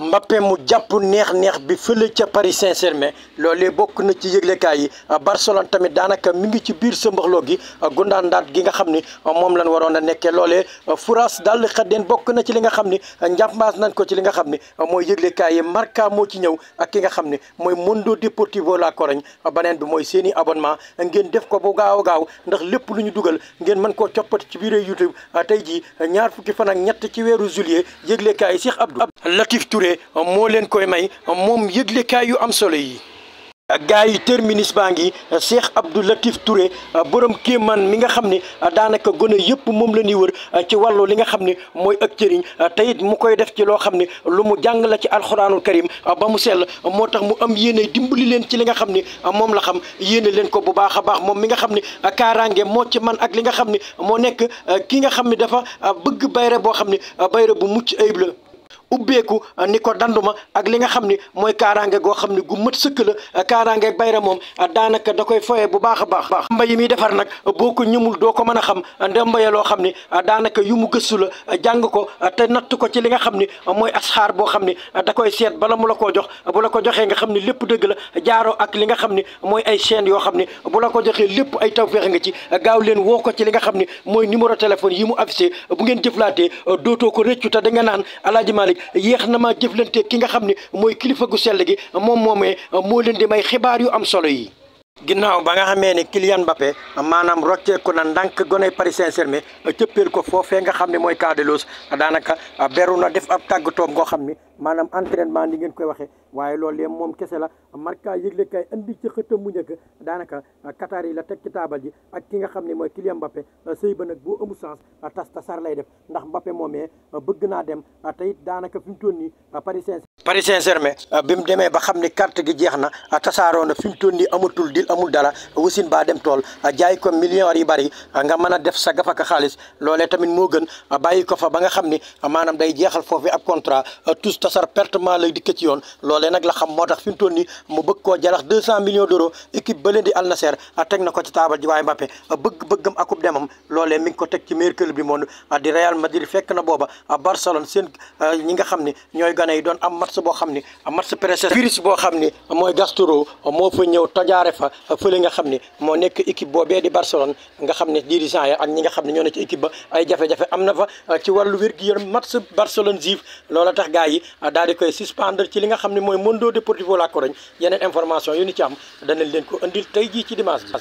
Mbappé mu jàpp neex-neex bi fële ca Paris Saint-Germain loolee bokk na ci yëglekaay yi Barcelone tamit daanaka mi ngi ci biir sëmbaxloo gi a gundaandaat gi nga xam ni moom lañ waroon a nekkee loolee France daal xaddeen bokk na ci li nga xam ni njàmbaas nañ ko ci li nga xam ni mooy yëglekaay yi Marca moo ci ñëw ak ki nga xam ni mooy Mundo Deportivo La Corogne beneen bi mooy seeni i abonnement ngeen def ko bu gaaw gaaw ndax lépp lu ñu dugal ngeen mën koo coppati ci biir YouTube tey jii ñaar fukki fan ak ñett ci weeru juillet yëglekaay yi Cheikh Abdou Touré moo leen koy may moom yëglekaay yu am solo yi. gaay yi terminus baa ngi Cheikh Abdou Latif Touré borom kéemaan mi nga xam ne daanaka gone yëpp moom la ñuy wër ci wàllu li nga xam ne mooy ak cëriñ te mu koy def ci loo xam ne lu mu jàng la ci alxuraanul karim ba mu sell moo tax mu am yéene dimbali leen ci li nga xam ni moom la xam yéene leen ko bu baax a baax moom mi nga xam ne kaaraange moo ci man ak li nga xam ne moo nekk ki nga xam ne dafa bëgg bayre boo xam ne bayre bu mucc ayib ubbeeku uh, ni ko danduma ak li nga xam ni mooy kaaraange goo xam ni gu mët sëkk la uh, kaaraange bayra moom uh, daanaka da koy foyee bu baax a baax baax ndamba yi muy defar nag boo ko ñëmul doo ko mën a xam ndamba ya loo xam ni daanaka yu mu gëstu la jàng ko te natt ko ci li nga xam ni mooy asxaar boo xam ni da koy seet bala mu la koo jox bu la ko joxee nga xam ni lépp dëgg la ak li nga xam ni mooy ay chaîne yoo xam ni bu la ko joxee lépp ay tawfeex nga ci gaaw leen woo ko ci li nga xam ni mooy numéro téléphone yi mu affiché bu ngeen jëflaatee dootoo ko rëccu da nga naan alaaji Malik yeex na ma jëflante ki nga xam ne mooy kilifa gu sell gi moom moomee moo leen di may xibaar yu am solo yi. ginnaaw ba nga xamee ni Kylian Mbappé maanaam rocceeku na ndànk gone Paris Saint-Germain cëppeel ko foofee nga xam ne mooy Cardelos daanaka beru na def ab tàggatoom ngoo xam ni maanaam entraînement ni ngeen koy waxee. waaye loolu yëpp moom kese la marka yëgle kay indi ci xëtam mu njëkk daanaka Qatar yi la teg ci taabal ji ak ki nga xam ne mooy Kylian Mbappé sëy ba nag boo amu chance tas tasar lay def ndax Mbappé moomee bëgg naa dem te it daanaka fi mu toll nii Paris Saint Paris Saint-Germain bi mu demee ba xam ni carte gi jeex na tasaaroo na fi mu toll nii amatul dil amul dara wasin baa dem tool a jaay ko millions yu bari nga mën def sa gafaka xaalis loole tamit moo gën bàyyi ko fa ba nga xam ni maanaam day jeexal foofu ab contrat tous tasar pertement lay dikk ci yoon loolee nag la xam moo tax fi mu toll nii mu bëgg koo jarax 200 millions équipe ba di Al Nassr teg ko ci taabal ji waaye Mbappé bëgg-bëggam akub demam loolee mi ngi ko teg ci meilleur club du monde di Real Madrid fekk na booba Barcelone seen euh, ñi nga xam ni ñooy gane yi doon am match boo xam ni match pressé virus boo xam ni mooy Gasturo moo fa ñëw tojaare fa fële nga xam ni moo nekk équipe boobee di Barcelone nga xam ne dirigeant ya ñi nga xam mooy Mondo Deportivo La Corogne yeneen information yu ni ci am danañ leen ko andil tey jii ci dimanche ji